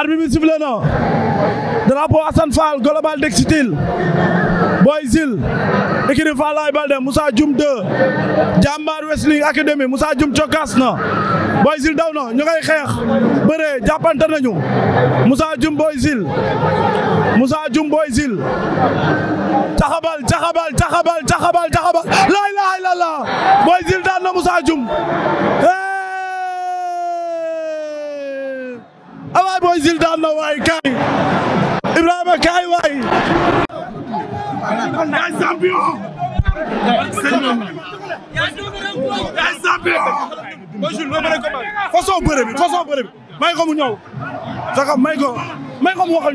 arbitre bi sifflé na drapeau Assane Fall global Dextile Boy Zil écurie Fallaye Baldé Moussa Dioum 2 Jambar Wrestling Academy Moussa Dioum cokkaas na Boy daw na ñu xeex bëree jàppante nañu Moussa Dioum Boy caxabal caxabal caxabal caxabal caxabal laa daan na Moussa Dioum kaay Boy Jules daan na waay kaay Ibrahima kaay waay. yaay champion. yaay champion. façon bëre bi façon bëre bi may ko mu ñëw. sax may may ko mu wax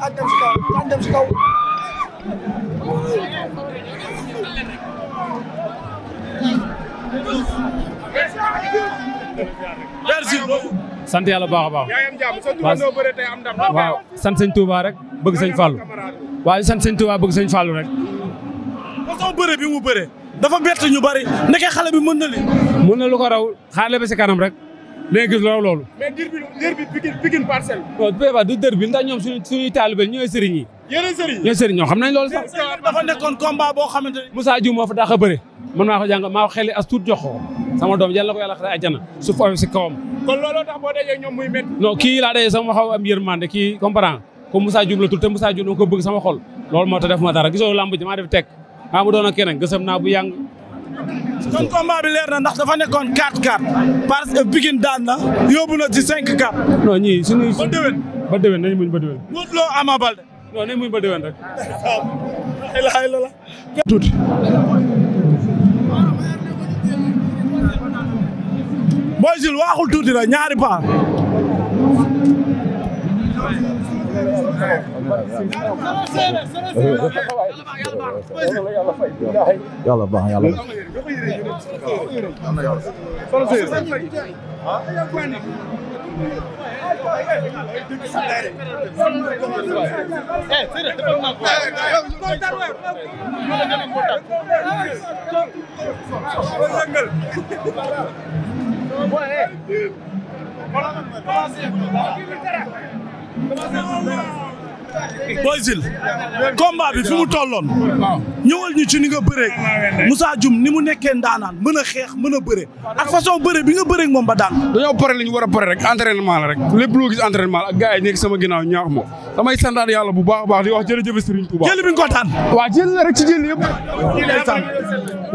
kañ dem si kaw kañ dem si kaw. sant yàlla baax a baax. waaw sant sëñ Touba rek bëgg sëñ Fallou. waaw sant sëñ Touba bëgg sëñ Fallou rek. façon bëre bi mu bëre. dafa bett ñu bari. nekkee xale bi mën na li. mën na lu ko raw xaarale ba si kanam rek. léegi gis nga loolu. mais diir bi diir bi du dër bi ndax ñoom suñu suñuy taalibe ñooy sëriñ yi. yéen sëriñ ñooy ñoo xam nañ loolu sax. dafa nekkoon combat boo xamante ne. Moussa Diouf moo fa daa a bëre man maa ko jàng maa ko xeli as tuut ko sama doom yàlla ko yàlla xare àjjana su foofu si kawam. kon looloo tax boo dajee ñoom muy métti. kii laa dajee sama xaw am yërmande kii comprendre comme Moussa Diouf la tur te Moussa Diouf dama ko bëgg sama xol loolu moo tax def ma dara gisoo lamb ji maa def teg maa mu doon keneen gësam naa bu yàng kon combat bi leer na ndax dafa nekkoon 4-4 parce que Pikine daan na yóbbu na ci 5-4. non ñii suñuy ba déwén. ba déwén nañu muñ ba déwén. Modou ba déwén rek. waaw la la. tuuti. Boy Jules waxul tuuti la ñaari paa. Hey, Boy Jules combat bi fi mu tolloon ñëwal ñu ci ni nga bëree Moussa Dioum ni mu nekkee ndaanaan mën a xeex mën a bëre ak façon bëre bi nga bëree moom ba daan dañoo pare li ñu war a pare rek entraînement la rek lépp loo gis entraînement la ak gars yi nekk sama ginnaaw ñaax ma damay santaat yàlla bu baax baax di wax jërëjëf Serigne Touba jël bi nga ko daan waaw jël la rek ci jël yëpp